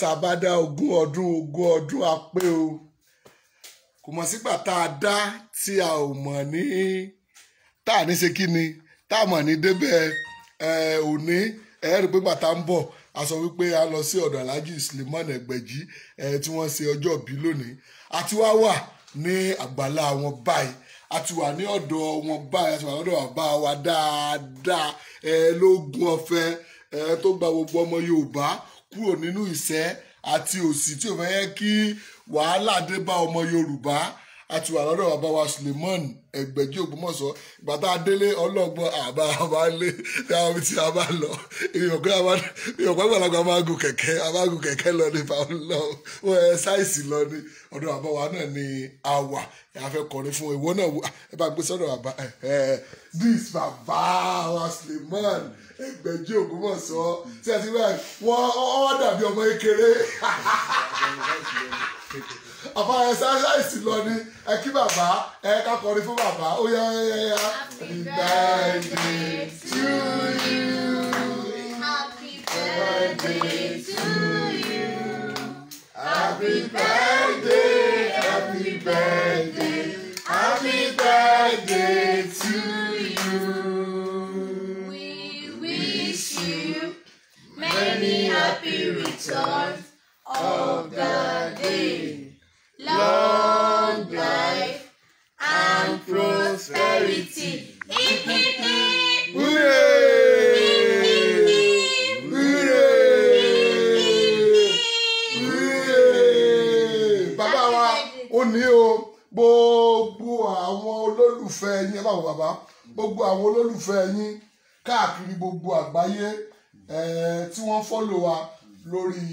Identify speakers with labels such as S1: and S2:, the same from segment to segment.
S1: tá a bá dá ogún ọdún ogún ọdún á pé o kò mọ̀ sígbà tá a dá tí a ò mọ̀ ní tá a ní ṣe kí ni tá a mọ̀ ní débẹ̀ òní ẹ̀ẹ́rì pé bàtà ń bọ̀ a sọ wípé a lọ sí ọ̀dọ̀ Alhaji Suleiman Ẹgbẹ̀jì tí wọ́n ṣe ọjọ́ bí lónìí àti wá wà ní àgbàlá wọn báyìí a ti wà ní ọ̀dọ̀ wọn báyìí a ti wà lọ́dọ̀ bàbá wa dáadáa ẹ lógún ọ̀fẹ́ ẹ tó gba gbogbo ọmọ Yorùbá kúrò nínú ìṣẹ́ àti òṣì tí ò fẹ́ kí wàhálà dé bá ọmọ Yorùbá àti wà lọ́dọ̀ bàbá wa Suleiman Ẹgbẹ́jí Ògbómọ̀ṣọ́ ìgbà tá a délé ọlọ́gbọ́n àbá àbá lé àwọn tí a bá lọ ìyọ̀kọ́ ìgbàlagbà máa gun kẹ̀kẹ́ a máa gun kẹ̀kẹ́ lọ ní ìfàwọ́ ṣáìsì lọ ní ọ̀dọ̀ bàbá wa náà ní àwà a fẹ́ kọrin fún ìwọ náà ẹ bá gbé sọ́dọ̀ bàbá this bàbá wa Suleiman Ẹgbẹ́jí Ògbómọ̀ṣọ́ tí a ti bá wọn ọ́ dàbí ọmọ kékeré. àfa ẹsáṣáìsì lọ ni ẹ kí bàbá ẹ ká kọrin fún bàbá ó yá yá yá. happy birthday to you. happy birthday to you. happy birthday happy birthday happy birthday to you. we wish you many happy returns of the day long life, and prosperity. Hip, hip, hip. Hooray! Hooray! Bàbá wa, ó ní o, gbogbo àwọn olólùfẹ́ yín, ẹ bá wo bàbá, gbogbo àwọn olólùfẹ́ yín káàkiri gbogbo àgbáyé tí wọ́n fọ́lò wa lórí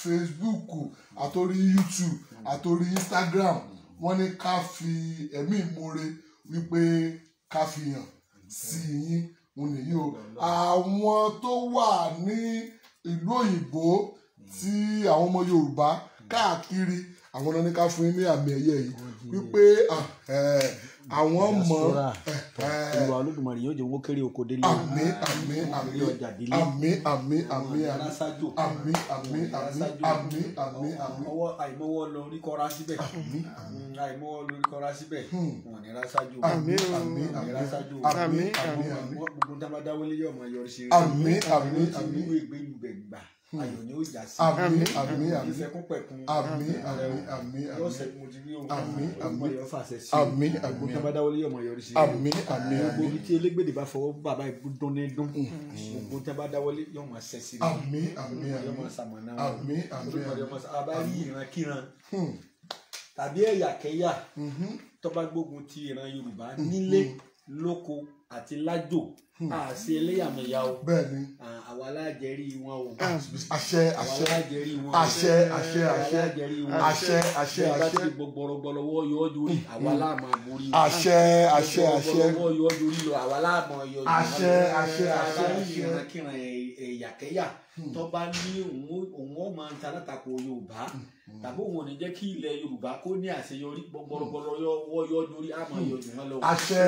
S1: Facebook àtòrí YouTube àtòrí Instagram wọ́n ní ká fi ẹ̀mí ìmoore wípé ká fi hàn sí yín òun nìyí o àwọn tó wà ní ìlú òyìnbó tí àwọn ọmọ Yorùbá káàkiri àwọn náà ní ká fún yín ní àmì ẹ̀yẹ yìí wípé àwọn mọ olùwà olódùmarè yóò jẹ wọn kéré oko délé àmín àmín àmín ọjà délé àmín àmín àmín àmín
S2: àmín àmín àmín àmín àmín ọwọ́ àìmọwọ lọ orí kọra síbẹ̀ àìmọwọ lọ orí kọra
S1: síbẹ̀ wọn ní rásájú àmín àmín àmín rásájú àmín àmín àmín gbogbo dábàdáwọlé
S2: yóò máa yọrí sí i
S1: àmín àmín àmín ìwé ìgbéyìí bẹ gbà. Hmm. ayọ̀ ni ó jà sí àmín àmín àmín ìfẹkúnpẹ̀kun àmín àmín àmín àmín lọ́sẹ̀ mo ti rí ohun àmín àmín àmín àmín tábádáwọlé ọmọ yọrí sí àmín àmín àmín gbogbo tí elégbèdè
S2: bá fọwọ́ bàbá ìdún ní dún hmm. gbogbo tábádáwọlé yóò máa ṣẹ sí i àmín àmín àmín àmín àmín àbáyé ìrankíran hmm. tàbí ẹ̀yàkẹ́yà tó bá gbógun ti ìran Yorùbá nílé lóko àti lájò àṣe hmm. eléyàmẹ̀yà o bẹ́ẹ̀ni àwa lájẹrí wọn o ah, àṣẹ àṣẹ àṣẹ àṣẹ hmm. àṣẹ àṣẹ àṣẹ àṣẹ àṣẹ gbọgbọrọgbọrọ wọ yọ ọ dorí àwa láàmà borí àṣẹ àṣẹ àṣẹ wọ yọ ọ dorí lọ àwa láàmà yọ ọ àṣẹ àṣẹ àṣẹ ìrànkìràn ẹ̀yàkẹ́yà hmm. tó bá ní òun ó máa ń ta látakò Yorùbá tàbí òun ò ní jẹ́ kí ilẹ̀ Yorùbá kó ní àṣeyọrí gbọgbọrọgbọrọ yọ wọ́yọ́ lórí àmọ́ yọ jùmọ́ lọ. àṣẹ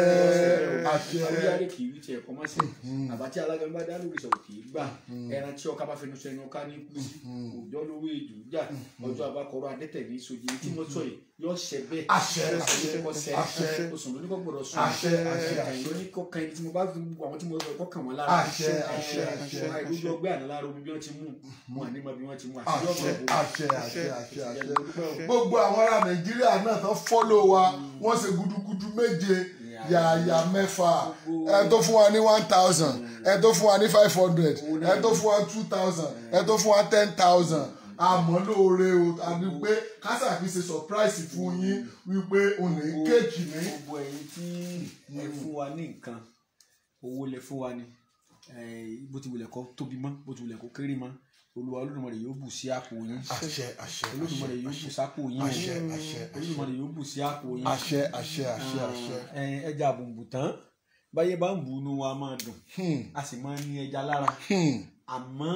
S2: àṣẹ àwíyáre kì í wí tiẹ̀ kọ́mọ́ sí hmm. àbátí alágbẹ̀rún bá dá lórí sọ̀rọ̀ kì í gbà hmm. ẹran tí ọkà bá fẹnu sọ ẹni ọkà ní kú sí hmm. òòjọ́ lówó èjò jà ọjọ́ àbákọ́rọ́ adẹ́tẹ̀ ní sojì tí mo sọ yìí yọ ṣẹ bẹ́ẹ̀ àṣẹ àṣẹ àṣẹ àṣẹ oṣù lóní kò gbọ́dọ̀ sùn àṣẹ àṣẹ àṣẹ lóní kò kan ibi tí mo bá fi àwọn tí mo sọ kọkàn wọn lára àṣẹ àṣẹ àṣẹ àṣẹ gbogbo ọgbẹ àná lára omi bí wọ́n ti mú wọn àní mọ bí wọ́n ti mú àṣẹ àṣẹ àṣẹ àṣẹ àṣẹ gbogbo
S1: àwọn ará nàìjíríà náà tó fọ́lọ̀ wa wọ́n ṣe gudugudu méje yàyà mẹ́fà ẹ tó fún wa ní one thousand ẹ tó fún wa ní five hundred ẹ tó fún wa two thousand ẹ tó fún wa ten thousand àmọ́ lóore o tàbí pé kásà fi ṣe surprise fún yín wípé òun lè kéèkì ní. gbogbo ẹ̀yin tí ẹ fún wa ní nǹkan
S2: owó lè fún wa ní bó ti wulẹ̀ kó tóbi mọ́ bó ti wulẹ̀ kó kéré mọ́ olúwa olódùmarè yóò bù sí àpò yín àṣẹ yóò bù sápò yín àṣẹ yóò bù sí àpò yín ẹja àbùnbùtán báyé bá ń bu inú wa máa dùn hmm. a sì máa ń ní ẹja lára hmm. àmọ́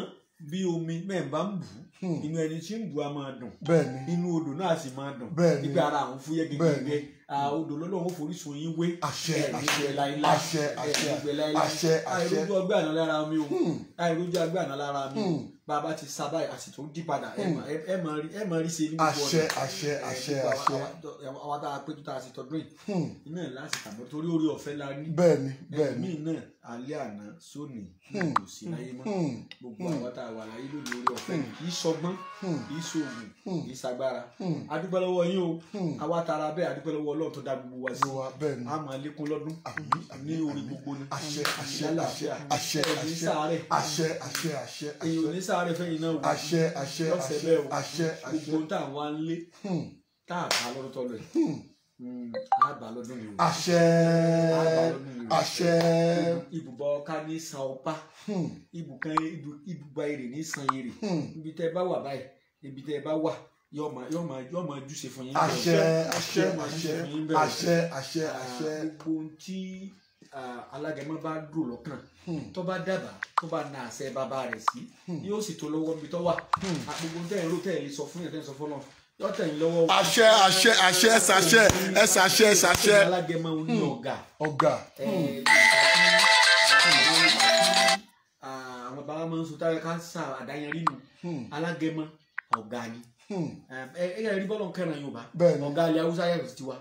S2: bí omi mẹ́ẹ̀ bá ń bù ú Hmm. inú ẹni tí ń bu a máa dùn inú odò náà sì máa dùn ibi ara àwọn fúyẹ́ gẹgẹgẹ odò lọ́lọ́run forísun yín wé àṣẹ àṣẹ àṣẹ àṣẹ àṣẹ àṣẹ àìrójú ọgbẹ́ àná lára mi o hmm. àìrójú ọgbẹ́ àná lára mi o. Hmm bàbá ti sábà àsìtò dí padà ẹ hmm. mọ rí ẹ mọ rí ṣe ní gbogbo ọdún àṣẹ àṣẹ àṣẹ àṣẹ àwọn tá a pé tó ta àsìtò dún yìí hmm. iná láti tàbí torí orí ọ̀fẹ́ la rí bẹ́ẹ̀ni bẹ́ẹ̀ni ẹ̀mí náà alẹ́ àná sóni hmm. kò sí láyé mọ́ gbogbo àwọn tá a wà láyé lónìí orí ọ̀fẹ́ kì í sọgbọ́n kì í sóògùn kì í sagbára adúpẹ́ lọ́wọ́ yín o àwa tara bẹ́ẹ̀ adúpẹ́ lọ́wọ́ Ọlọ́run tó dá gbogbo wa sí a máa lékún lọ́dún ní orí gbogbo ni àṣẹ àṣẹ àṣẹ àṣẹ àṣẹ àṣẹ
S1: àṣẹ àṣẹ
S2: àṣẹ sáré fẹ́yìn náà wò. àṣẹ àṣẹ àṣẹ àṣẹ àṣẹ gbogbo tá à ń wá ń lé hmm. tá à bá lọ́dún tọ́lọ̀ yìí hmm. Hmm, á bá lọ́dún yìí. àṣẹ àṣẹ. ibùba ọká ní san ọpá ibùkan ibùba èrè ní san èrè ibi tẹ bá wà báyìí ibi tẹ bá wà yóò máa yóò máa yóò máa júṣe fún yín. àṣẹ àṣẹ àṣẹ àṣẹ àṣẹ àṣẹ. gbogbo ohun tí alágẹmọ bá dùn lọ́kàn hmm. tó bá dábàá tó bá na àṣẹ bàbá rẹ̀ sí hmm. yóò sì tó lọ́wọ́ ibi tó wà àgbègbè tẹ̀ ń ro tẹ̀ ń sọ fún yẹn tẹ̀ ń sọ fọ́nà yóò tẹ̀ ń lọ́wọ́. àṣẹ àṣẹ àṣẹ ẹsẹ àṣẹ ẹsẹ àṣẹ ní ọ̀gá.
S1: ọ̀gá. Hmm.
S2: àwọn bàbá máa ń sọ táwọn ká sà àdáyanrí nù alágẹmọ ọ̀gá ni ẹ ẹ rí bọ́lọ̀ kẹrin yorùbá ọ̀gá ilẹ̀ haúsá yàtọ̀ sí tiwa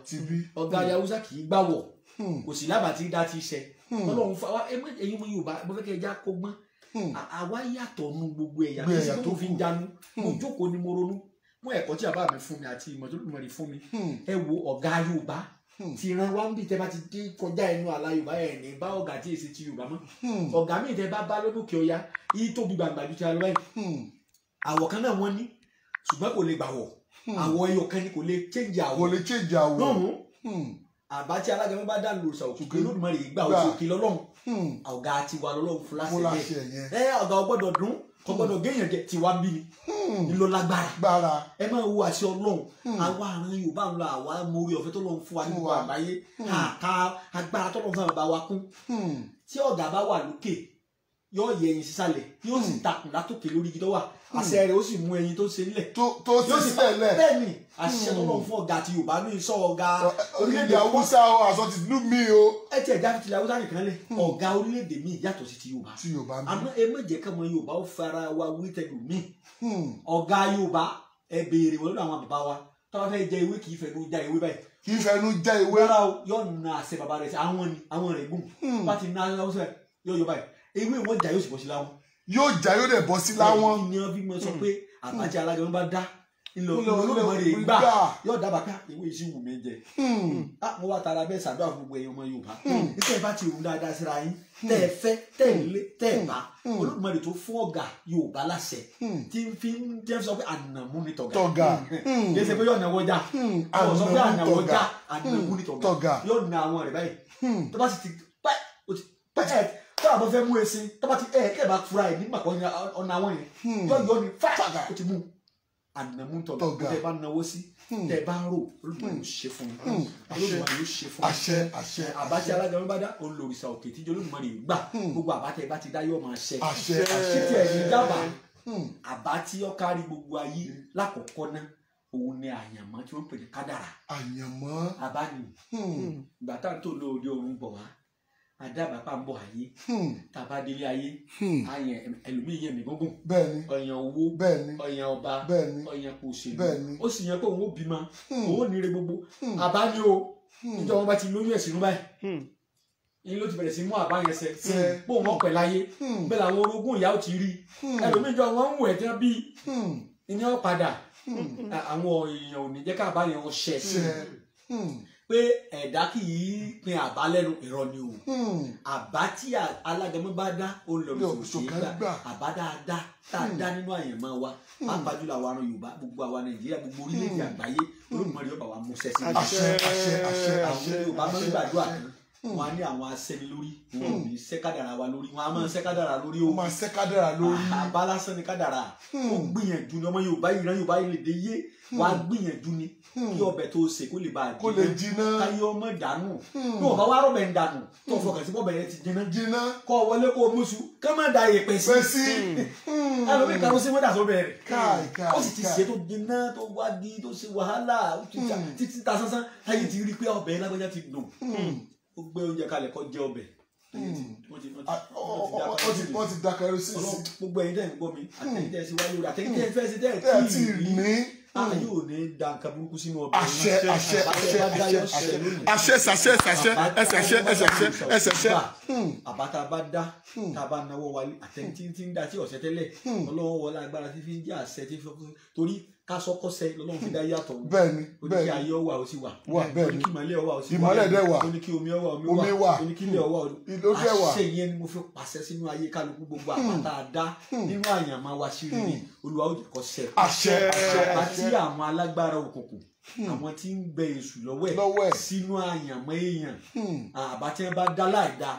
S2: ọ̀gá ilẹ̀ haúsá kì í gbàwọ̀ Hmm. kò sí lábàá tí dá ti ṣẹ hmm. ọlọ́run fa wa ẹ̀yin mo yorùbá mo fẹ́ kẹ́ ẹ já kó gbọ́n hmm. àwa yàtọ̀ nu gbogbo ẹ̀yà kí ẹ̀sìn tó fi ń jánu mo jókòó ni mo ronú mú ẹ̀kọ́ tí bàbá mi fún mi àti ìmọ̀ tó lù mọ̀rì fún mi ẹ wo ọ̀gá yorùbá ti ran wa ń bí tẹ bá ti dé kọjá ẹnu àlà yorùbá ẹ ní bá ọ̀gá tí èsì ti yorùbá mọ́ ọ̀gá mi tẹ bá bá lódòkè ọya yìí tóbi gbàgbà ju ti alọ́ ẹ̀ àwọ̀ kan náà wọ́n ní ṣùgbọ́n kò lè gbàwọ̀ àwọ̀ ẹyọ kan ni kò lè change àwọ̀. kò lè change àwọ̀ àbá tí alágẹmọ bá dà lòsà òkùnkè lódùmarè yìí gbà òkùnkè lọ́lọ́run hmm. ọ̀gá tiwa lọ́lọ́run fúláṣẹ yẹn ẹ ọ̀gá ọgbọ́dọ̀ dùn kò hmm. gbọ́dọ̀ géèyàn jẹ tiwa bí ni ńlọ hmm. lágbára ẹ máa wo àṣẹ Ọlọ́run àwa àrùn Yorùbá ńlọ àwa mórí ọ̀fẹ́ tó lọ ń fún wa nípa àgbáyé àká agbára tó lọ ń fún àbá wa kún tí ọ̀gá bá wà lókè yóò yẹ ẹyin sísàlẹ̀ yóò sì hmm. takùn látòkè lórí igi tó wà hmm. àṣẹ rẹ̀ ó sì mú ẹyin tó ṣe nílẹ̀ tó ti sílẹ̀ bẹ́ẹ̀ ni àṣẹ tó hmm. lọ́n fún ọ̀gá àti yorùbá ní iṣọ́ ọ̀gá eh, orílẹ̀-èdè haúsá o àṣọ ti lù mí o. ẹ tiẹ̀ já fi tilẹ̀ haúsá nìkan lẹ̀ ọ̀gá orílẹ̀-èdè mi yàtọ̀ sí ti yorùbá ti yorùbá mi àmọ́ ẹ má jẹ́ kọ́mọ yorùbá ó fara wa wítẹ̀lù mi ọ̀gá yorùbá ẹ béèrè wọn lọ́dọ̀ àwọn bàbá wa tọ́wọ́ fẹ́ jẹ ewé kì í fẹnu já ewé báyìí. kì í fẹnu já ewé. rárá o yóò na àṣẹ bàbá rẹ̀ sí àwọn ni àwọn rẹ̀ gùn bá ti na àṣẹ yóò yọ báyìí ewé wọn jà yóò sì bọ́ sí láwọn. yóò jà yóò dẹ̀ bọ́ sí láwọn. ẹ̀yin ni wọ́n fi mọ sọ pé hmm. àbájá alájọ ló bá dá ńlọ olóòmọdé gbà yóò dábàá ká ìwé iṣẹ́ wù mí jẹ. Hmm. Hmm. Ah, mo wá tara bẹ́ẹ̀ ṣàdúrà fún gbogbo ẹ̀yin ọmọ Yorùbá tẹ́ ẹ bá ti rùn dáadáa síra yín tẹ́ ẹ fẹ́ tẹ́ ẹ lé tẹ́ ẹ bá olóòmọdé tó fún ọ̀gá Yorùbá láṣẹ tí n fi ń jẹ́ sọ pé ànàmú ni tọ̀gá yẹ ṣe pé yóò náwó já ọ̀ sọ pé ànàmú já ànàmú ni tọ̀gá yóò ná àwọn rẹ̀ báyìí tó bá sì ti pẹ́ tá a bá fẹ́ mú ẹsẹ̀ tá a bá ti ẹ̀ eh, kẹ́ ẹ̀ bá fura ẹ̀ nígbà kan ọ̀nà àwọn yẹn hmm. yọ̀yọ̀ ni fàtàgà ó ti mú ànàmútọ̀ tẹ̀ bá náwó sí hmm. tẹ̀ bá rò olùdókòwò ṣe fún un olùdókòwò yóò ṣe fún un hmm. àṣẹ àṣẹ àbájá alága ló bá dá olùrìṣà òkè tíjọ Olódùmarè gbà gbogbo àbátẹ bá ti dá yóò máa ṣẹ àṣẹ àṣẹ tí ẹ̀ ní dábàá àbá tí gbogbo ayé lákọ̀ọ́kọ́ náà òun ni àyànmọ́ tí wọ́n pè ní kádàrà àyànmọ́ àbá ni tó lóore ọ̀run bọ̀ wá adábàápà ń bọ̀ ayé hmm. tàbá délé ayé àyàn hmm. ẹlòmíì yẹn mi gbógun ọ̀yàn owó ọ̀yàn ọba ọ̀yàn kò ṣèlú ó sì yẹ kó òun ó bímọ hmm. òun ò ní gbogbo àbá ni o ìjọba bá ti lóyún ẹ̀sìn rú báyìí ilé ti bẹ̀rẹ̀ sí mú àbáyẹn ṣe bó wọn pẹ̀ láyé bẹ́ẹ̀ làwọn orogún ìyá ò ti rí ẹlòmíì jọ wọn ń wẹ̀ tán bí ìyẹn padà àwọn èèyàn ò ní jẹ́ ká àbáyẹn wọn ṣẹ pé ẹ̀dá kì í pin àbá lẹ́nu irọ́ ni o hmm. àbá tí alágẹmọ bá dá ó lọ lọ àbá dáadáa tá a dá nínú àyẹ̀mọ́ wa pàápàá jùlọ àwọn ará Yorùbá gbogbo àwa Nàìjíríà gbogbo orílẹ̀-èdè hmm. àgbáyé hmm. Olódùmarè yóò bá wa mú sẹ́sìn. àṣẹ àṣẹ àṣẹ àṣẹ àwọn Yorùbá máa ń gbàdúrà kan Hmm. wọn á ní àwọn asẹni lórí wọn hmm. ò ní sẹkádàrà wa lórí wọn á máa sẹkádàrà lórí o máa sẹkádàrà lórí àbá ah, lásán ni kádàrà hmm. ó gbìyànjú ni ọmọ Yorùbá ìran Yorùbá ilé dé yé wọn á gbìyànjú ni kí ọbẹ̀ tó ṣe kó lè bá a jiná káyé ọmọ dànù ní ọba wa rọbẹ ń dànù tó fọkàn sí bọbẹ yẹn ti jiná jiná kọ wọlé kó mọṣu ká má da yẹpẹ sí pẹsí alóbi kan ó sì mọ́tà tó bẹ̀rẹ̀ ó sì ti ṣe tó jiná tó wádìí tó ṣe wàhálà títí ta sánsán táyé ti rí pé ọbẹ̀ lágbájá ti dùn ó gbé oúnjẹ kalẹ̀ kó jẹ ọbẹ̀
S1: wọ́n ti da kerosene sí. gbogbo ẹ̀yin dẹ́yìn gbọ́ mi àtẹ̀jẹ́ sí wáyé rẹ̀
S2: àtẹ̀jẹ́ fẹ́ sí dẹ́yìn tí ì ní. a yóò ní da nǹkan burúkú sínú ọbẹ̀. àṣẹ àṣẹ àṣẹ àṣẹ àṣẹ
S1: àṣẹ àṣẹ ẹsẹ àṣẹ ẹsẹ àṣẹ ẹsẹ àṣẹ.
S2: àbáta bá dá tá a bá náwó wálé àtẹ̀jẹ́ tí ń da sí ọ̀sẹ̀ tẹ́lẹ̀ ọlọ́wọ́ wọlé agbára tí fi ń jẹ́ àṣẹ tí fi torí kásọkọsẹ lọ́lọ́run fi dá yàtọ̀ o bẹ́ẹ̀ni bẹ́ẹ̀ni oníkì ayé ọwà o sì wà wà bẹ́ẹ̀ni oníkì ìmọ́lẹ̀ ọwà o sì wà ìmọ́lẹ̀ dẹ wà oníkì omi ọwà omi wà oníkì ilẹ̀ ọwà olóṣẹ wà àṣẹ yẹn ni mo fi pàṣẹ sínú ayé kálukú gbogbo hmm. àpáta àdá hmm. nínú àyàn máa wá sí rí ni hmm. olúwa ó jẹkọ sẹ àṣẹ àṣẹ àti àwọn alágbára òkùnkùn àwọn tí ń bẹ èṣù lọ́wọ́ ẹ̀ sínú àyànmọ́ èèyàn àbá tí wọ́n bá dá láìda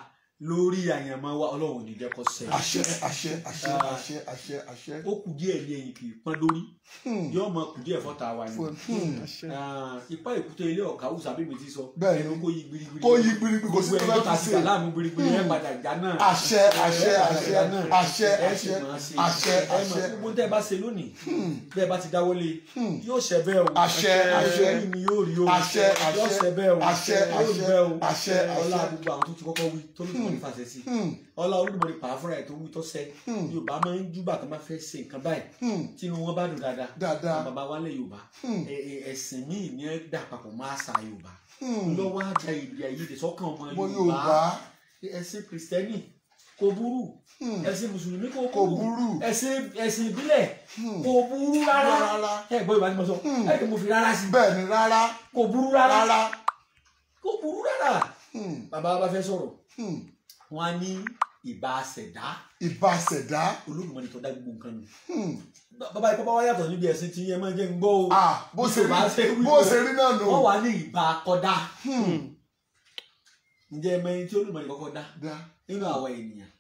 S2: lórí àyànmọ́ wa ọlọ́run ò ní jẹ́ kó ṣẹ. àṣẹ àṣẹ àṣẹ àṣẹ àṣẹ àṣẹ. ó kù díẹ̀ ní ẹ̀yìn kì í pọ́n lórí Hmm. yóò mọ kùdíẹ̀ fọ́ta wa ni ipa hmm. hmm. ah, èkúté ilé ọ̀ka húsà bíbi ti sọ ẹnu kó yí gbirigbiri kó yí gbirigbiri kó sí tó bá ti ṣe aláàmú gbirigbiri ẹ padà ìjà náà àṣẹ àṣẹ àṣẹ àṣẹ àṣẹ àṣẹ àṣẹ gbogbo tẹ bá ṣe lónìí tẹ bá ti dáwọ́lé yóò ṣẹ bẹ́ẹ̀ o àṣẹ àṣẹ ẹni yóò rí o àṣẹ àṣẹ yóò ṣẹ bẹ́ẹ̀ o àṣẹ àṣẹ àṣẹ ọlá gbogbo àwọn tó ti kọ́kọ́ wí tó ní kò ní fàṣẹ sí ọlá olùmọ̀ni pàáfúrà ẹ̀ tó wí tó ṣẹ Yorùbá máa ń júbà tó máa fẹ́ ṣe nǹkan dáadáa dáadáa bàbá wa lẹ yorùbá hmm. ẹsìn míì ní ẹ dà papọ̀ mọ́ àṣà yorùbá lọ́wọ́ ajá ìdí ayédè sọ́kàn ọmọ yorùbá ẹsìn kìrìsìtẹ́nì kò burú hmm. ẹsìn mùsùlùmí kò burú ẹsìn ìbílẹ̀ kò burú hmm. rárá ẹ gbọ́ yorùbá ni mo sọ ẹ kì í mo fi rárá sí bẹ́ẹ̀ ni rárá kò burú rárá kò burú rárá bàbá wa bá fẹ́ sọ̀rọ̀ wọn á ní ìbáṣẹ̀dá. ìbáṣẹ̀dá. olódùmarè tó dá gbogbo nǹkan nù. Hmm. bàbá yìí bàbá wa yàtọ̀ níbi ẹ̀sìn tí ẹ máa jẹ́ ń gbọ́ o. bó ṣe rí bó ṣe rí náà nù. wọ́n wà ní ìbá kọ́dá. Hmm. ǹjẹ́ ẹ mẹ́rin tí olódùmarè kọ́kọ́ dá nínú àwa ènìyàn.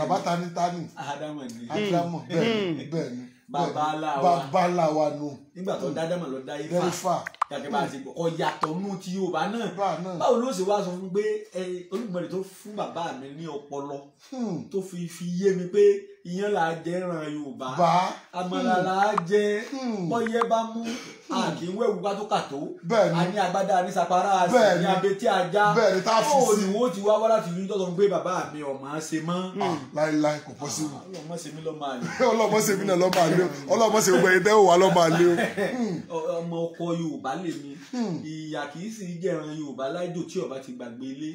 S2: bàbá tani tani. àdámọ̀ ni. àdámọ̀ bẹ́ẹ̀ ni hmm. bẹ́ẹ̀ ni babalá
S1: wa nù. nígbà tó dádámà lọ dá ifá gàgẹ́ bá a ti
S2: gbọ́ ọ̀yàtọ̀ nù ti Yorùbá náà báwo ló ṣe wá sọ fún pé Olódùmarè tó fún bàbá mi ní ọpọlọ hmm. tó fi fi yé mi pé ìyẹn là á jẹ ran yorùbá àmàlà hmm. là á jẹ hmm. bọyẹ bá mú àkínwéwu hmm. bá tó kà tó àní àgbádá àní sàpárá àti ní abetí ajá ó ní wọn ti wá wá láti yún tọ́tọ̀ ń gbé bàbá mi ọ̀mà ṣe mọ́. Ah, láíláí kò pọ́ sí mi. ọlọ́mọ ṣe mí lọ́mọ àlè. ọlọ́mọ ṣe mí náà lọ́mọ àlè o ọlọ́mọ ṣe gbẹ̀yìn tẹ́ ò wá lọ́mọ àlè o. ọmọ ọkọ yorùbá lè mi ìyà kì í sì jẹran yorùbá láìdò tí yorùbá ti gbàgbé ilé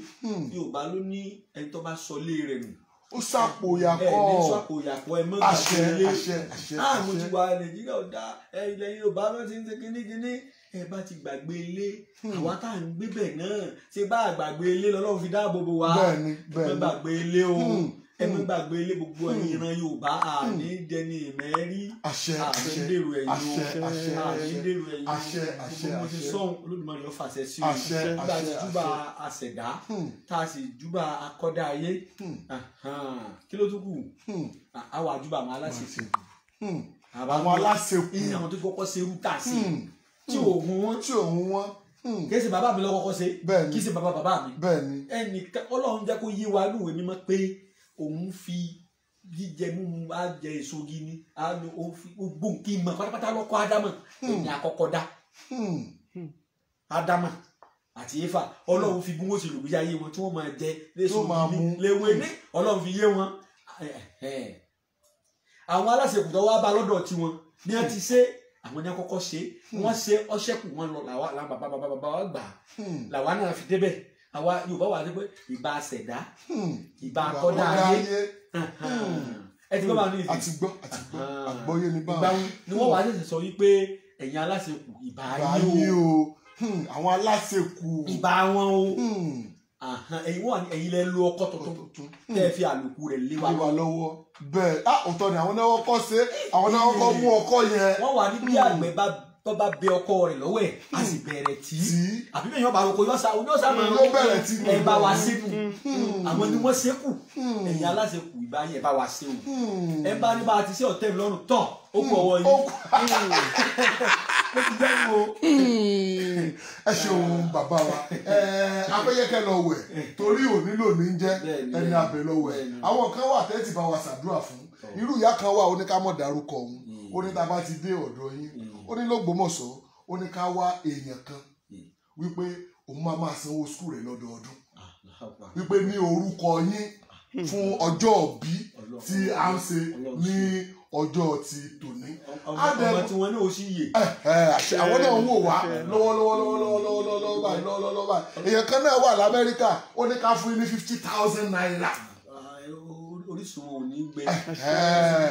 S2: yorùbá ló ní ẹni tó bá sọ ilé rẹ̀ nù
S1: ó sàpò ìyàpọ̀ ẹ ní sàpò ìyàpọ̀ ẹ mọ́tò àṣẹ àṣẹ ah, àṣẹ àmọ́ ti wà
S2: nàìjíríà ò dá ilẹ̀ yorùbá náà ti ń ṣe kínníkínní ẹ bá ti gbàgbé ilé hmm. àwa tá à ń gbébẹ̀ náà ṣe bá àgbàgbé ilé lọ́lọ́run fi dáàbò bò wá bẹ́ẹ̀ni bẹ́ẹ̀ni ẹ bá gbàgbé ilé o. Hmm ẹ má hmm. gbàgbé ilé gbogbo ẹ̀yin hmm. ìran Yorùbá àní hmm. dẹni ìmẹ́rí àṣẹdèrò ẹ̀yìn o àṣẹdèrò ẹ̀yìn o gbogbo mo ti sọ́hun Olódùmarè ó fàṣẹ sí o nígbà tí júbà àṣẹ̀dá tá a sì júbà akọ́dá ayé kí ló tún kù àwa júbà àwọn aláṣẹ àwọn aláṣẹ kù ìyẹn àwọn tó kọ́kọ́ ṣerú tà sí tí òun wọn tí òun wọn kì í ṣe bàbá mi lọ kọ́kọ́ ṣe kì í ṣe bàbá bàbá mi ẹnìkan Ọlọ́run jẹ́ kó yé wa lúwẹ̀ mímọ́ pé òun fi jíjẹ mímu á jẹ èso gini á lo òun fi gbogbo nǹkan ìmọ̀ pátápátá lọ́kọ́ ádámà hmm. èyí àkọ́kọ́ dá hmm. hmm. ádámà àti éfà ọlọ́run fi gúnwó sí lògbìyà ayé wọn tí wọ́n máa jẹ léṣu mi léwé ní ọlọ́run fi yé wọn àwọn aláṣẹkùtọ̀ wa bá lọ́dọ̀ tiwọn ní a ti ṣe àwọn ní a kọ́kọ́ ṣe wọ́n ṣe ọṣẹ́kù wọn lọ làwọn bàbá bàbá wa gbà làwọn náà fi débẹ̀ àwa Yorùbá wà ní pé ìbà ṣẹ̀dá hmm, ìbà kọ́dá ayé ẹ ti gbọ́ bá ní
S1: ìsìn àti gbọ́ àti
S2: gbọ́ ah. àgbọ́yé ní báwọn. ìgbà ni wọ́n wà á ṣẹ̀ṣẹ̀ sọ wípé ẹ̀yin aláṣekù ìbà ayé o hmm, àwọn aláṣekù ìbà wọn o hmm. ẹ̀yin wà ẹ̀yin lẹ lo ọkọ tuntun tẹ́ ẹ fi àlòkù rẹ̀ lé wa lọ́wọ́. bẹ́ẹ̀ ah òótọ́ ni àwọn náà wọ́n kọ́ ṣe àwọn náà wọ́n kọ́ mú ọkọ yẹn. wọ́n wà ní bí àgbẹ̀ bá tó bá bẹ ọkọ rẹ̀ lọ́wọ́ ẹ̀ a sì bẹ̀rẹ̀ tí àbí bẹ́ẹ̀ yọba àròkọ yọ̀ọ́sà oníyọ̀ọ́sà máa ń mm, ẹ bá wa sínú mm. àwọn ni wọ́n ṣe kù mm. ẹ̀yin aláṣẹ kù ìgbà yẹn ẹ bá wa ṣe o ẹ bá ní bá a ti ṣe ọ̀tẹ̀ mi lọ́rùn tán
S1: ó kọ̀ ọwọ́ yìí ó ti dẹ́nu o. ẹ ṣeun bàbá wa afẹ́yẹ́kẹ́ lọ wẹ̀ torí òní lòní ń jẹ́ ẹni abẹ lọ wẹ̀ àwọn kan wà tẹ́tì bá wa ṣàdúrà fún irú ìyá kan wà oníkàmọ̀ dárúkọ òun ó ní tá a bá ti dé ọ̀dọ̀ yín ó ní lọ́gbọ́mọ̀ṣọ́ ó ní ká wá èèyàn kan wípé òun máa máa sanwó skul rẹ̀ lọ́dọọdún wípé ní orúkọ yín fún ọjọ́ òbí tí a ń ṣe ní ọjọ́ ti tòní. ọmọ tí wọn náà ṣì yè. àwọn náà ń wò wá lọ́wọ́lọ́wọ́ lọ́wọ́lọ́wọ́ báyìí lọ́wọ́lọ́wọ́ báyìí èèyàn kan náà wà lamẹ́ríkà ó ní ká fún yín ní fifty thousand naira
S2: orísun wọn ò ní gbẹ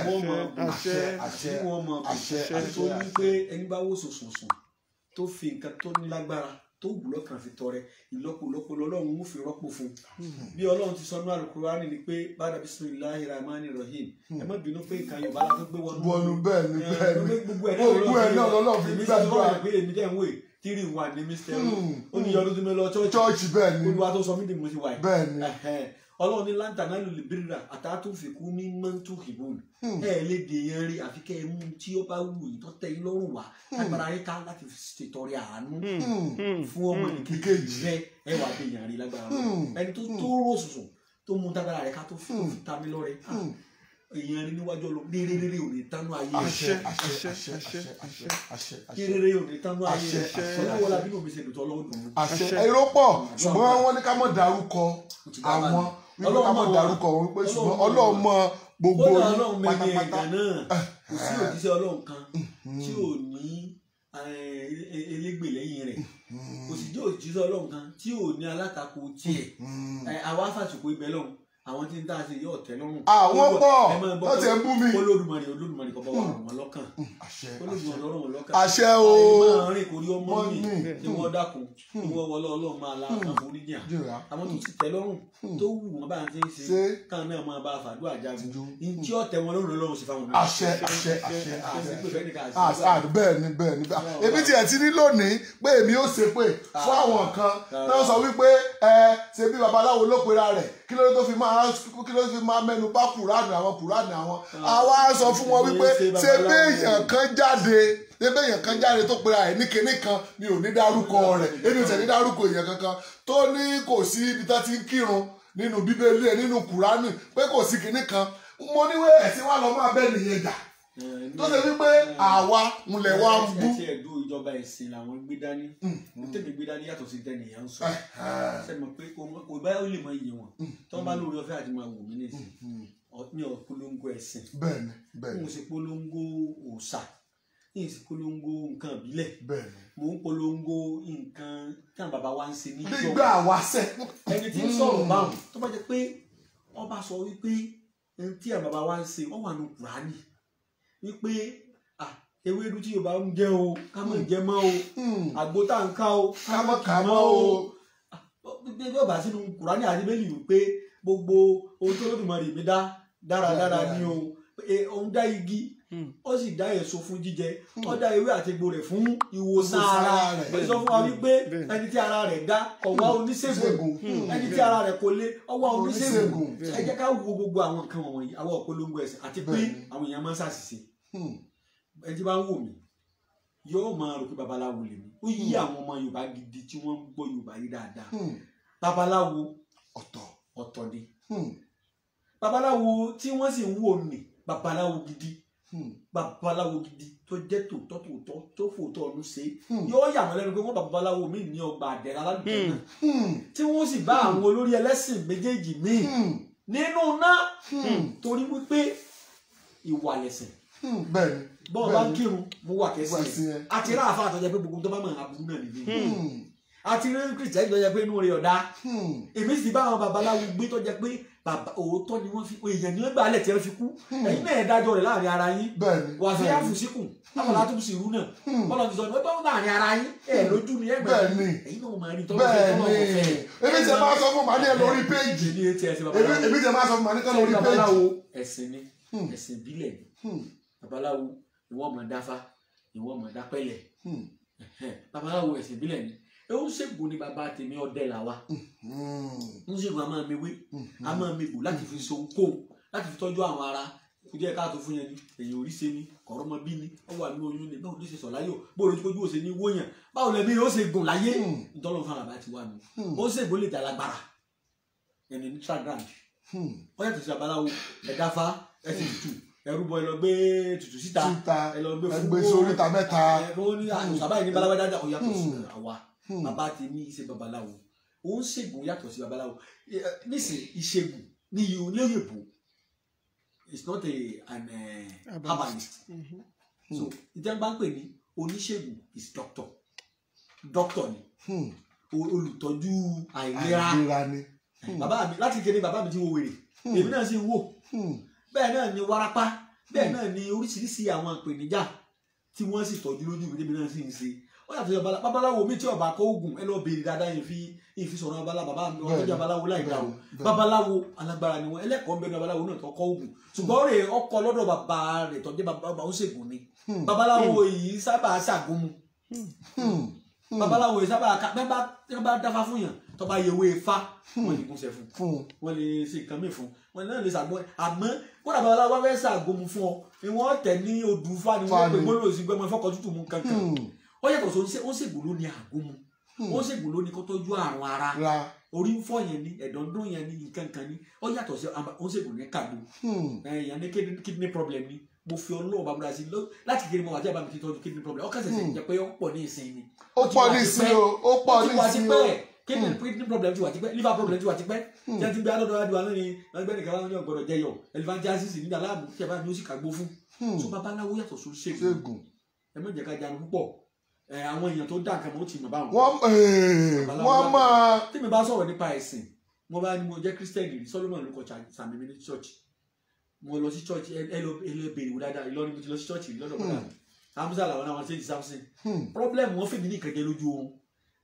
S2: wọn mọ àṣẹ àṣẹ wọn mọ àṣẹ àti omi pé ẹni bá wò sòsòsò tó fi nǹkan tó ní lágbára tó wù lọ́kàn fi tọrẹ ìlọ́pọ̀lọpọ̀ lọ́lọ́run ń fi rọ́pò fún un hmm. bí ọlọ́run ti sọ ní alukurani ni pé bada bisimilahi rahman rahim ẹ má hmm. bínú pé ìka yorùbá la tó gbé wọnú. wọnú
S1: bẹ́ẹ̀ ni bẹ́ẹ̀ ni gbogbo ẹ náà lọ́lọ́run fi gbàdúrà
S2: èmi jẹ́ ń wè tírì wà ní mísítẹ́rì ó lọ chọ́ọ̀chì bẹ́ẹ̀ ni olúwa tó sọ mí di mo ti wà yìí. bẹ́ẹ̀ ni ọlọ́run ní lantana lulẹ̀ bírira àtàtúnfẹ̀kú ní mọ́ntúkìbùn hmm. ẹ lè dèèyàn rí àfi kẹ́ ẹ mú tí ó bá wù yín tó tẹ́ yín lọ́rùn wá hmm. agbára yín ká láti ṣètọrẹ àánú hmm. fún ọmọ ìkékèjì rẹ ẹ wà dèèyàn rí lágbára ẹni tó tó rò sùsùn tó mú tágbára rẹ ká tó fi ta mí lọ́rẹ èèyàn ah, rí níwájú ọlọ ní ò ní tánú ayé
S1: rẹ kí ò ní tánú ayé rẹ ọlọ́wọ́ la bí mo fi ṣe lùtọ́
S2: dùn. àṣẹ ẹ̀rọ
S1: pọ̀ ṣùgbọ́n wọ́n ní ká mọ̀ dárúkọ àwọn ọlọ́run mọ̀ dárúkọ òun pé ṣùgbọ́n ọlọ́run mọ̀ gbogbo yín
S2: pátápátá. kò sí eh, eh. òjíṣẹ́ ọlọ́run kan mm-hmm. tí ò ní eh, e, elégbè lẹ́yìn rẹ̀ kò sí òjíṣẹ́ ọlọ́run kan tí ò ní alátakò tiẹ̀ mm-hmm. àwa fàṣùkò ibẹ̀ lọ́hùn àwọn tí ń tá a ṣe yóò tẹ́ lọ́rùn. àwọn ah, pọ̀ wọ́n ti ẹ̀ bú mi. olódùmarè olódùmarè kọ́ bá wà hmm. wọn lọ́kàn. Hmm, olódùmarè ọ̀rọ̀ wọn lọ́kàn. àṣẹ o máa rìn kórí ọmọ mi ni wọ́n hmm. dákun ni wọ́n wọlé ọlọ́run máa la àwọn oníjìyà. àwọn tó ti tẹ́ lọ́rùn tó wù wọ́n bá ti ń ṣe káwọn náà máa bá àfàdúrà jagun. ntí ọ̀tẹ̀ wọn lọ́rùn lọ́rùn sì fáwọn náà. àṣẹ àṣẹ àṣẹ àṣẹ ah, ah,
S1: bẹ́ẹ̀ ni bẹ́ẹ̀ ni èmi tiẹ̀ ti ní lónìí pé èmi ó ṣe pé kí ló tó fi máa kí ló fi máa mẹ́nu bá kùránù àwọn kùránù àwọn àwa ah. sọ fún wọn wípé ṣe béèyàn kan jáde ṣe béèyàn kan jáde tó pera ẹ̀ níkíní kan mi ò ní dárúkọ rẹ̀ èmi ò tẹ̀ ní dárúkọ èèyàn kankan tó ní kò sí ibi tó ti ń kírun nínú bíbélì ẹ̀ nínú kùránù pé kò sí kíní kan mo ní wẹ́ẹ̀ sí wà lọ́mọ abẹ́ nìyẹn jà eh, tó ṣe wípé eh. àwa ńlẹ̀ wa ń
S2: bú ìjọba ẹ̀sìn làwọn gbé dání hmm, hmm. tèmi gbé dání yàtọ̀ sí tẹnìyàn sọ sẹ́mi ah, ah. pé kò bá ó lè mọ iye wọn hmm, tó bá lórí ọ̀fẹ́ àti máa wò mí nìsín ní ọ̀pọ̀lọpọ̀ ẹ̀sìn bẹ́ẹ̀ni bẹ́ẹ̀ni mo sì polongo òòṣà ní ìsìnkúlóńgó nǹkan ìbílẹ̀ mò ń polongo nǹkan tí àwọn bàbá wa ń ṣe níjọ nígbà wá sẹ ẹni tí ń sọ̀rọ̀ báwọn tó bá jẹ́ pé ọba sọ wípé tí àwọn bàbá wa ń ṣe wọ́n wà nù kúránì wípé ewédú tí yorùbá ń jẹ o ká má hmm. jẹ mọ́ o hmm. àgbo tá à ń ká o ká má kì í mọ́ o bí ọba sínú kùránì àdébẹ́lì wípé gbogbo ohun tó lódùmarè mi dá dáradára ni o òun dá igi hmm. ó sì dá èso fún jíjẹ ó dá ewé àti egbò rẹ̀ fún ìwòsàn ara rẹ̀ pẹ̀sọ́ fún wa wípé ẹni tí ara rẹ̀ dá ó wá oníṣègùn ẹni tí ara rẹ̀ kò lé ó oníṣègùn ẹ jẹ́ ká wo gbogbo àwọn nǹkan wọ̀nyí àwọn òpolongo ẹ̀sìn àti pé àwọn èèyàn máa ń ṣàṣìṣe ẹ ti bá ń wò mí yóò máa rò pé babaláwo lè mí ó yí hmm. àwọn ọmọ yorùbá gidi tí wọ́n ń gbọ́ yorùbá yìí dáadáa hmm. babaláwo ọ̀tọ̀ ọ̀tọ̀ ni hmm. babaláwo tí wọ́n sì ń wò mí babaláwo gidi babaláwo gidi tó jẹ́ tòótọ́ tòótọ́ tó fòótọ́ ọdún ṣe yóò yà wọ́n lẹ́nu pé wọ́n babaláwo mi ní ọgbà àdẹ̀rà ládùúgbò náà tí wọ́n sì bá àwọn olórí ẹlẹ́sìn méjèèjì míì nínú náà torí wípé ìwà lẹ̀sìn Hmm, bẹ́ẹ̀ ni bọ́ọ̀ bá ń kírun mo wà kẹ́sì ẹ̀ àti rà àfa àtọ́jà pé gbogbo tó bá mọ̀ àbúrú náà nìyẹn àti hmm. rẹ kìrìsìtẹ́nì tó jẹ pé inú rẹ ọ̀dá hmm. èmi sì bá àwọn babaláwo gbé tó jẹ pé bàbá òótọ́ ni wọ́n fi èèyàn ní gbà lẹ̀ tí wọ́n fi kú ẹ̀yin náà dájọ́ rẹ̀ láàrin ara yín wà fi àfù síkùn àbọ̀lá tó sì rú náà bọ́lá ti sọ ni wọ́n bá wọn láàrin ara yín ẹ̀ lójú mi ẹgbẹ́ ẹ̀yin náà máa rí tọ́lá tó máa wọ̀ fẹ́. èmi tẹ máa sọ fún màdé lórí péjì èmi tẹ máa sọ fún màdé lórí péjì. babaláwo ni ẹ̀sìn ìbílẹ̀ babaláwo ìwọ ọmọ dáfá ìwọ ọmọ dápẹlẹ hmm. babaláwo ẹsìn ìbílẹ̀ ni ewu ṣègùn ni bàbá tèmi ọdẹ là wa ń hmm, hmm. ṣègùn a máa mi wé a máa mi gbò láti fi so kó láti fi tọ́jú àwọn ara kújẹ́ káàtó fún yẹn ni èyí ò rí ṣe ni ọ̀rọ̀ ọmọ bí ni ó wà ní oyún ni báwo ló ṣe sọ láyò báwo ló tójú òṣè ní wóyàn báwo lẹ́mí ó ṣe gùn láyé ìtọ́lọ́ fún àràbà ti wà nù ó ṣègùn lè dà lágbára ẹni ní tragland ó yàtọ̀ sí babaláwo ẹ̀dáfá ẹ̀sìn tù ẹrúbọ ẹ lọ gbé tutù síta ẹ
S1: gbé fún gbèsè oríta mẹ́ta ah, ó ní àtòsábà ah, hmm. yìí ní balawa dáadáa
S2: ó yàtọ̀ sí àwa hmm. hmm. bàbá ti ní iṣẹ́ babaláwo ó ń ṣègùn yàtọ̀ sí babaláwo nísìn ìṣègùn ní yìí olóyèbó is not a an eh, herbalist mm-hmm. so ìjọba ń pè ní oníṣègùn is doctor doctor ni olùtọ́jú àìlera bàbá mi láti kéde bàbá mi ti wo wèrè èmi náà sì wò bẹ́ẹ̀ náà ni warapa bẹ́ẹ̀ hmm. náà ni oríṣiríṣi àwọn ìpèníjà tí wọ́n sì tọ́jú lójú mi débi náà sì ń ṣe ó yàtọ̀ sí babaláwo mi tí ọba kọ oògùn ẹ lọ béèrè dáadáa yẹn fi yẹn fi sọ̀rọ̀ babaláwo bàbá mi ọjọ́ babaláwo láì dá o babaláwo alágbára ni wọn ẹlẹ́kọ̀ọ́ ń bẹnu babaláwo náà tó kọ oògùn ṣùgbọ́n rè ọkọ lọ́dọ̀ bàbá rẹ̀ tọ́jú bàbá ó ṣègùn ni
S1: hmm. Hmm. babaláwo
S2: yìí sábà ṣàgùnmu babaláwo yìí sábà bẹ́ẹ̀ bá dáfá fún yàn tó bá yẹwé fa wọ́n lè gúnṣẹ́ fún wọ́n lè ṣe nǹkan mìíràn fún wọn náà lè ṣàgbọ́n àmọ́ kódà bàbá wa fẹ́ ṣàgómù fún ọ ni wọ́n tẹ̀ ní odù fa ni wọ́n pè gbóló sí gbẹmọ fọkọ tútù mu kankan hmm. ó yàtọ̀ sọ ó ṣègbò ló ní àgómù hmm. ó ṣègbò ló ní kó tọ́jú àrùn ara orí ń fọ́ yẹn ni ẹ̀dọ̀ ń dún yẹn ni nǹkan kan ni ó yàtọ̀ sí ó ṣègbò ní kàdó hmm. ẹ̀yàn ní kidney problem ni mo fi ọlọ́run bá múra sí i láti kiri mọ àjẹ́ àbámi ti tọ́jú kidney problem ọkàn ṣẹ̀ṣẹ̀ jẹ́ pé ó pọ̀ ní ìsìn ni. ó pọ̀ ní ìsìn o ó pọ̀ ní ìsìn o kéde kidney hmm. problem ti wà tipẹ́ liver problem ti wà tipẹ́ hmm. jẹ́ ti gbé alọ́dọ̀ adùn alọ́ ni ẹgbẹ́ nìkan láwọn yóò gbọ́dọ̀ jẹyọ evangelist nígbà láàbù tí ẹ bá ní ó sì kàgbó fún hmm. so babaláwo yàtọ̀ so ṣègùn ẹ má jẹ́ ká jáde púpọ̀ àwọn èèyàn tó dà kan mọ́ tì mọ́ báwọn. wọ́n eh, máa. tí mi bá sọ̀rọ̀ nípa ẹ̀sìn mo bá ní mo jẹ́ kírísítẹ́nì rí solomon lukọ sàmì mi ní ṣọ́ọ̀ṣì mo lọ sí ṣọ́ọ̀ṣì ẹ lọ bèrè wò dáadáa Ìlọrin mo ti lọ sí ṣọ́ọ̀ṣì lọ́dọ̀ bọ́dà Hamza làwọn náà ṣe é di Samson problem wọn fèmí ní ìkẹjẹ lójú oorun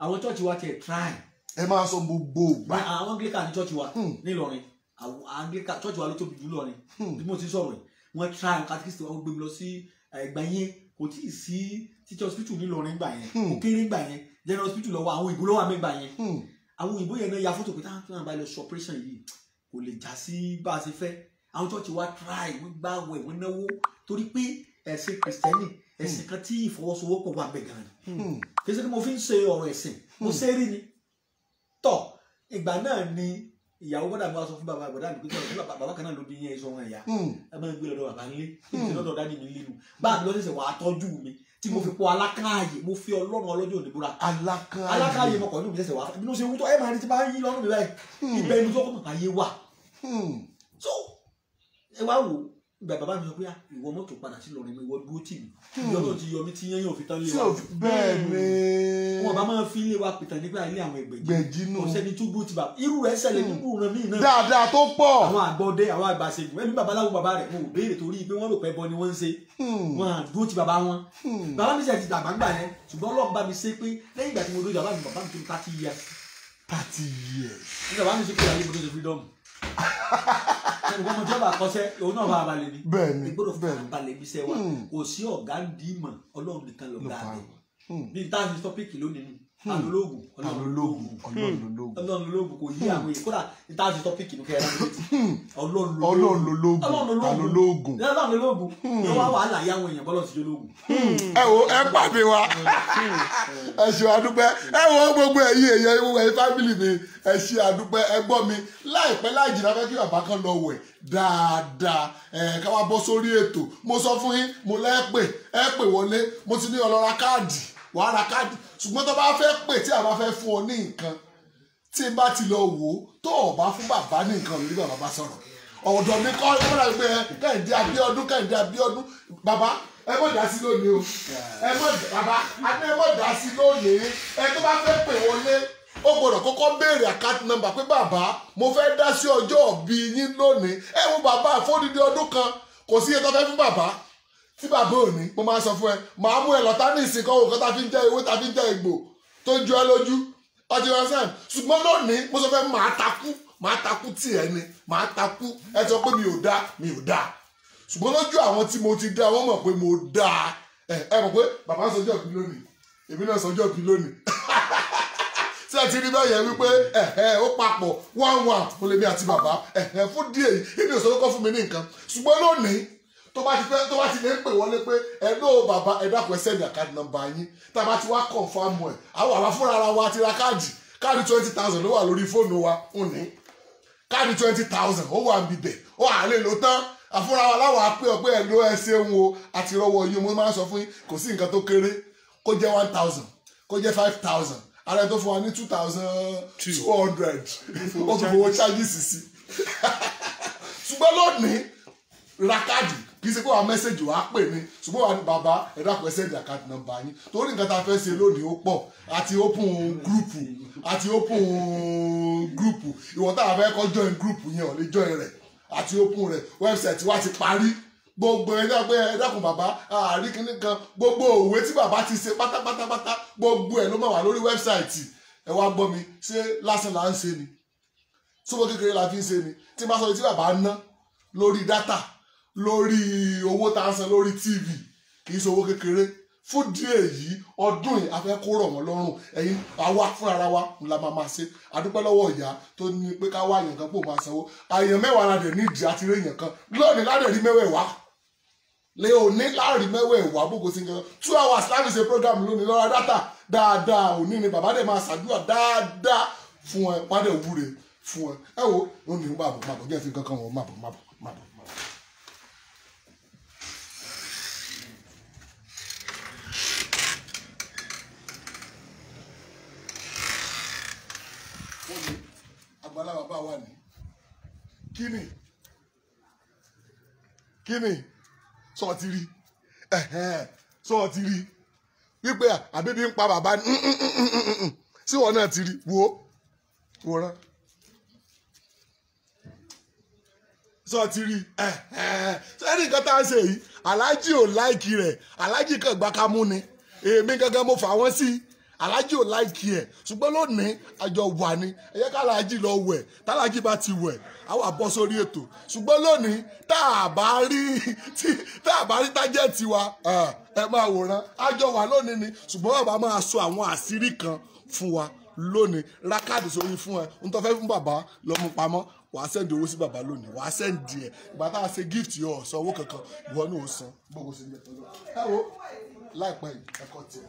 S2: àwọn ṣọ́ọ̀ṣì wa tiẹ̀ try ẹ máa sọ gbogbo ògbà. àwọn anglican ní church wa hmm. nílọrin àwọn anglican church wa ló tóbi jù lọrin hmm. bí mo ti sọ̀rọ̀ wọn try catechist wa gbé mi lọ sí ẹgbà yẹn kò tí ì sí teacher hospital nílọrin gbà yẹn hmm. kò kéré gbà yẹn general hospital lọ́wọ́ àwọn òyìnbó lọ́wọ́ àmì gbà yẹn àwọn òyìnbó yẹn náà ya fótó pé ah, táwọn náà bá lọ sí operation yìí kò lè já sí bá a ṣe fẹ́ àwọn church wa try wọ́n gbà wẹ̀ wọ́n náwó torí pé ẹ̀sìn kìrìsìtẹ́nì ẹ̀sìn kan tí ìfọwọ́sowọ́pọ̀ wà bẹ̀ gan ni. kì í ṣe pé mo fi ń ṣe ọ̀rọ̀ ẹ̀sìn mo ṣe é rí ni tọ̀ ìgbà náà ni ìyàwó bọ́dà mi wá sọ fún bàbá bọ́dà mi pé sọ̀rọ̀ bàbá kan náà ló bí yẹn ìṣọ́ wọn ẹ̀yà ẹ máa ń gbé lọ́dọ̀ bàbá ńlé hmm. ìṣe lọ́dọ̀ dádì mi lélu báàbí lọ́dọ̀ ṣẹ̀ wàá tọ́jú mi tí mo fi pọ alákààyè mo fi ọlọ́run ọlọ́jọ́ òní búra alákààyè alákààyè mo kàn ní ìbílẹ̀ ṣẹ̀ wàá bí mo ṣe wútọ́ ẹ máa ní ti bá yí lọ́rùn mi báyìí ìbẹ́ni hmm. tó kọ́ mọ̀ gba bàbá mi sọ pé ah, ìwọ mọ́tò padà sí lọ́rin mi ìwọ dúró tì mí hmm. ìjọ tó ti yọ mí tí yẹn yóò fi tán lé wa. bẹ́ẹ̀ ni. Hmm. wọn bá máa fi lé wa pìtàn nígbà ilé àwọn ìgbẹ̀jì gbẹ̀jì nù kò sẹ́ni tó gbó ti bà irú rẹ̀ ṣẹlẹ̀ nínú ìran míì náà. dáadáa tó pọ̀. àwọn àgbọ̀dẹ àwọn àgbàṣègùn ẹbí babaláwo bàbá rẹ̀ wọn ò béèrè torí pé wọ́n rò pẹ́ bọ ni wọ́n ń ṣe hmm. wọn à dúró ti bàbá wọn. bàbá mi ṣẹ̀ ti dàgbà ńgbà yẹn ṣùgbọ́n Ọlọ́run ìwọ ọmọ jọba àkọsẹ òun náà bá balẹ̀ ni bẹ́ẹ̀ni ìgbọ́dọ̀ fún balẹ̀ ibi wa hmm. kò sí ọ̀gá ń dì nìkan lọ́gá rẹ̀ hmm. bí n táàbí tọ́pìkì lónìí alológun hmm. ọlọ́run ọlọ́run hmm. kò yí hmm. àwọn èèyàn kódà ìtajù tọ́pìkì ló kẹ́ra
S1: ọlọ́run ọlọ́run ọlọ́run ọlọ́run ni wọ́n wà láyé àwọn èèyàn bọ́lọ̀ síjọ́ lógun. ẹ wo ẹ pàdé wa ẹ ṣe àdúpẹ́ ẹ wo gbogbo ẹ̀yin èèyàn ìwọ ẹ̀yin fámìlì mi ẹ ṣe àdúpẹ́ ẹ gbọ́ mi láìpẹ́ láì jìnnà fẹ́ kí bàbá kan lọ wẹ̀ dáadáa ẹ ká wá bọ́ sórí ètò mo sọ fún yín mo lẹ́ pè ẹ pè wọlé mo ti ní ọlọ́ra káàdì wàá ra káàdì ṣùgbọ́n tó bá fẹ́ pè tí a bá fẹ́ fún ọ ní nǹkan tí n bá ti lọ wò ó tó o bá fún bàbá ní nǹkan lórí bàbá bá sọ̀rọ̀ ọ̀dọ̀ mi kọ́ ẹ mọ̀ra pé kẹ́hìndé abíọ́dún kẹ́hìndé abíọ́dún bàbá ẹ mọ̀ dá sí lónìí o ẹ mọ̀ bàbá ẹ mọ̀ dá sí lónìí ẹ tó bá fẹ́ pè wọlé ó gbọ́dọ̀ kọ́kọ́ béèrè àkáàtì nọ́mbà pé bàbá mo fẹ́ dá sí ọjọ́ ìbí yín lónìí ẹ wo bàbá àfọ́dídé ọdún kan kò sí iye tó fẹ́ fún bàbá tí bàbá ò ní mo máa sọ fún ẹ màá mú ẹ lọ́tà ní ìsìnkọ́ òwò kan tá fi ń jẹ ewé tá fi ń jẹ ìgbò tó ń ju ẹ lójú ọjọ́ ìránṣẹ́ ṣùgbọ́n lónìí mo sọ fẹ́ màá takú màá takú tì ẹ ni màá takú ẹ sọ pé mi ò dáa mi ò dáa ṣùgbọ́n lójú àwọn tí mo ti dáa wọ́n mọ̀ pé mo dáa ẹ ẹ mọ̀ pé bàbá sọjọ́ bí lónìí èmi náà sọjọ́ bí lónìí tí a ti rí bẹ́ẹ̀ yẹn wípé ẹ̀hẹ́ ó papọ̀ one one mo lè mi àti bàbá ẹ̀hẹ́ fún díẹ̀ yìí èmi ò sọ kọ́kọ́ fún mi ní nǹkan ṣùgbọ́n lónìí tó bá ti fẹ́ tó bá ti lè ń pè wọlé pé ẹ ló bàbá ẹ dákun ẹ sẹ́ni àkáàdì nọ́mbà yín tá a bá ti wá kọ̀ǹfàmù ẹ̀ àwọn àwa fúnra ara wa ti ra káàdì káàdì twenty thousand ló wà lórí fóònù wa òní káàdì twenty thousand ó wà níbẹ̀ ó à lè lò tán àfúnra wa láwọn apẹ́ ọgbẹ́ ẹ ló ẹ ṣeun o àti rọwọ yín mo máa ń sọ fún yín kò sí nǹkan tó kéré kó jẹ́ one thousand kó jẹ́ five thousand ara ẹ tó fún wa ní two thousand two hundred ó fi fowó charges sí ṣùgbọ́n lónìí ra káàdì kì í ṣe pé wàá mẹ́sẹ̀jì wàá pè mí ṣùgbọ́n wàá ní bàbá ẹ dákun ẹsẹ̀ ìdí àkáǹtì nọ́mbà yín torí nǹkan tá a fẹ́ ṣe lónìí ó pọ̀ àti open gúrùpù àti open gúrùpù ìwọ̀n tá a fẹ́ kọ́ join gúrùpù yẹn ò lè join rẹ̀ àti open rẹ̀ wẹ́bsáìtì wa ti parí gbogbo ẹjọ́ pé ẹ dákun bàbá àárí kínní kan gbogbo òwe tí bàbá ti ṣe pátápátápátá gbogbo ẹ̀ ló máa wà lórí wẹ́bsáìtì ẹ wá gbọ́ mi ṣé lásán là ń ṣe ni sówó kékeré la fi ń ṣe ni tí n bá sọ ti bàbá ná lórí dátà lórí owó tá a san lórí tv kì í ṣe owó kékeré fún díẹ̀ yìí ọdún yìí a fẹ́ kó rọ̀ wọ́n lọ́rùn ẹ̀yin àwa fúnra wa la máa máa ṣe àdúpẹ́ lọ́wọ́ ìyá tó ní pé ká wá èèyàn kan kó máa sanwó àyàn mẹ́wàá la dẹ̀ nídìí àti rí èèyàn kan lónìí ládẹ̀ rí mẹ́wẹ̀ẹ́wá lè òní láàrin mẹ́wẹ̀ẹ́wá gbogbo sí nǹkan two hours láti ṣe program lónìí lọ́ra dátà dáadáa òní ni bàbá dẹ̀ máa ṣàdúrà dáadáa fún ẹ wádẹ̀ òwúre fún ẹ ẹ wo lónìí bàbọ̀ màbọ̀ jẹ́ fi kankan wọn màbọ̀ màbọ̀ màbọ̀ àgbàlá bàbá wa ni kíni kíni sọ ti rí sọ ti rí wípé àbíbí ń pa bàbá ní sí wọn náà ti rí wo wòran sọ ti rí sẹ́ni nǹkan tá a ṣe yìí aláàjì ò láìkì rẹ̀ aláàjì kan gbàkámú ni èmi gangan mo fà wọ́n sí i aláàjì ò láìkí ẹ̀ ṣùgbọ́n lónìí àjọ wà ní ẹ jẹ́ káláàjì lọ wẹ̀ táláàjì bá ti wẹ̀ á wà bọ́ sórí ètò ṣùgbọ́n lónìí tá a bá rí tá a bá rí tájẹ́ẹ̀tì wa ẹ máa wòran àjọ wà lónìí ni ṣùgbọ́n bàbá máa sọ àwọn àṣírí kan fún wa lónìí ra káàdì sórí fún ẹ n tó fẹ́ fún bàbá lọ́mú pamọ́ wàá sẹ́ndì owó sí bàbá lónìí wàá sẹ́ndì ẹ̀ ìgbà tá a ṣe gift yọ ọ̀sán owó kankan ìwọ náà ó san gbogbo sí ilé ẹ wo láìpẹ́ yìí ẹ̀kọ́ tiẹ̀.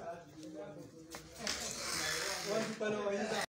S1: وانت نوعيه